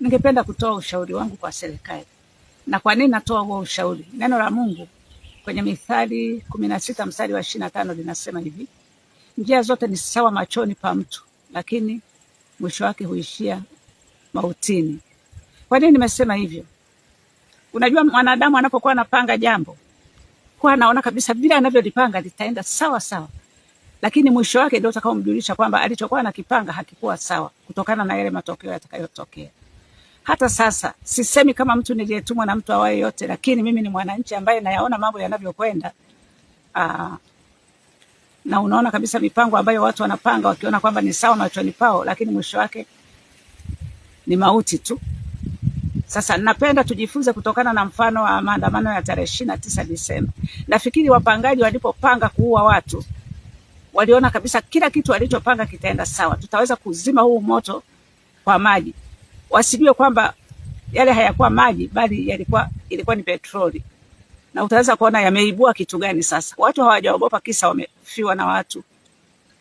Ningependa kutoa ushauri wangu kwa serikali. Na kwa nini natoa huo ushauri? Neno la Mungu kwenye Mithali kumi na sita mstari wa ishirini na tano linasema hivi, njia zote ni sawa machoni pa mtu, lakini mwisho wake huishia mautini. Kwa nini nimesema hivyo? Unajua, mwanadamu anapokuwa anapanga jambo huwa anaona kabisa vile anavyolipanga litaenda sawa sawa, lakini mwisho wake ndio utakaomjulisha kwamba alichokuwa anakipanga hakikuwa sawa, kutokana na yale matokeo yatakayotokea. Hata sasa sisemi kama mtu niliyetumwa na mtu awaye yote, lakini mimi ni mwananchi ambaye nayaona mambo yanavyokwenda. Ah, na unaona kabisa mipango ambayo watu wanapanga wakiona kwamba ni sawa na wachoni pao, lakini mwisho wake ni mauti tu. Sasa napenda tujifunze kutokana na mfano wa maandamano ya tarehe ishirini na tisa Disemba. Nafikiri wapangaji walipopanga kuua watu waliona kabisa kila kitu walichopanga kitaenda sawa, tutaweza kuzima huu moto kwa maji wasijue kwamba yale hayakuwa maji bali yalikuwa ilikuwa ni petroli, na utaweza kuona yameibua kitu gani. Sasa watu hawajaogopa kisa wamefiwa na watu,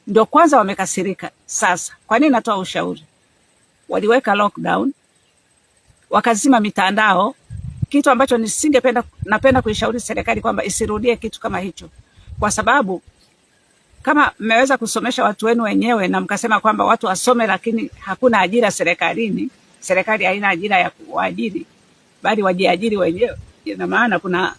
ndio kwanza wamekasirika. Sasa kwa nini natoa ushauri? Waliweka lockdown, wakazima mitandao, kitu ambacho nisingependa, napenda kuishauri serikali kwamba isirudie kitu kama hicho, kwa sababu kama mmeweza kusomesha watu wenu wenyewe na mkasema kwamba watu wasome, lakini hakuna ajira serikalini serikali haina ajira ya kuajiri, bali wajiajiri wenyewe. Ina maana kuna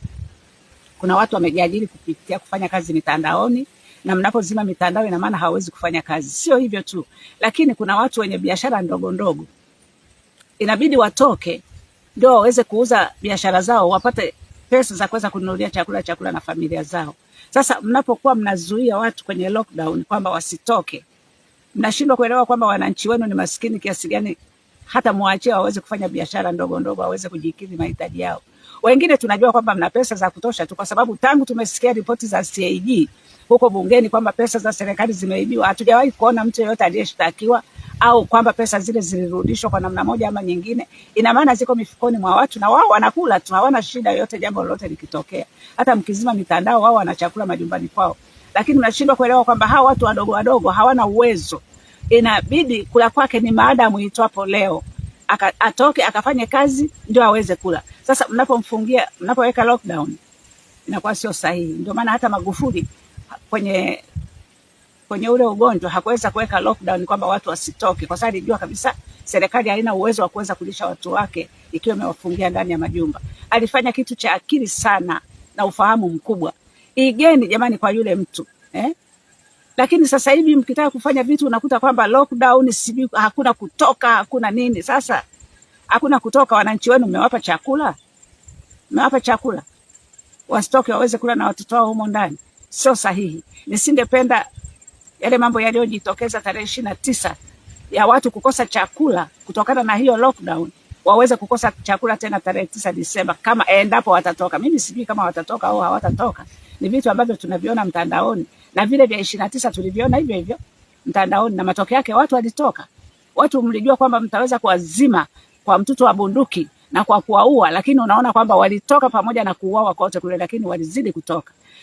kuna watu wamejiajiri kupitia kufanya kazi mitandaoni, na mnapozima mitandao, ina maana hawawezi kufanya kazi. Sio hivyo tu, lakini kuna watu wenye biashara ndogo ndogo inabidi watoke ndio waweze kuuza biashara zao, wapate pesa za kuweza kununulia chakula chakula na familia zao. Sasa mnapokuwa mnazuia watu kwenye lockdown kwamba wasitoke, mnashindwa kuelewa kwamba wananchi wenu ni maskini kiasi gani hata mwachie waweze kufanya biashara ndogo ndogo, waweze kujikidhi mahitaji yao. Wengine tunajua kwamba mna pesa za kutosha tu, kwa sababu tangu tumesikia ripoti za CAG huko bungeni kwamba pesa za serikali zimeibiwa, hatujawahi kuona mtu yeyote aliyeshtakiwa au kwamba pesa zile zilirudishwa kwa namna moja ama nyingine. Ina maana ziko mifukoni mwa watu na wao wanakula tu, hawana shida yoyote jambo lolote likitokea. Hata mkizima mitandao, wao wanachakula majumbani kwao, lakini mnashindwa kuelewa kwamba hawa watu wadogo wadogo hawana uwezo inabidi kula kwake ni maadamu itwapo leo aka, atoke akafanye kazi ndio aweze kula. Sasa mnapomfungia mnapoweka lockdown inakuwa sio sahihi. Ndio maana hata Magufuli kwenye kwenye ule ugonjwa hakuweza kuweka lockdown kwamba watu wasitoke, kwa sababu alijua kabisa serikali haina uwezo wa kuweza kulisha watu wake ikiwa imewafungia ndani ya majumba. Alifanya kitu cha akili sana na ufahamu mkubwa. Igeni jamani kwa yule mtu eh? lakini sasa hivi mkitaka kufanya vitu unakuta kwamba lockdown, sijui hakuna kutoka, hakuna nini. Sasa hakuna kutoka, wananchi wenu mmewapa chakula, mmewapa chakula wasitoke waweze kula na watoto wao humo ndani? Sio sahihi. Nisingependa yale mambo yaliyojitokeza tarehe ishirini na tisa ya watu kukosa chakula kutokana na hiyo lockdown waweze kukosa chakula tena tarehe tisa Disemba kama endapo watatoka. Mimi sijui kama watatoka au hawatatoka, ni vitu ambavyo tunaviona mtandaoni na vile vya ishirini na tisa tulivyoona hivyo hivyo mtandaoni, na matokeo yake watu walitoka. Watu mlijua kwamba mtaweza kuwazima kwa mtutu wa bunduki na kwa kuwaua, lakini unaona kwamba walitoka pamoja na kuuawa kote kule, lakini walizidi kutoka.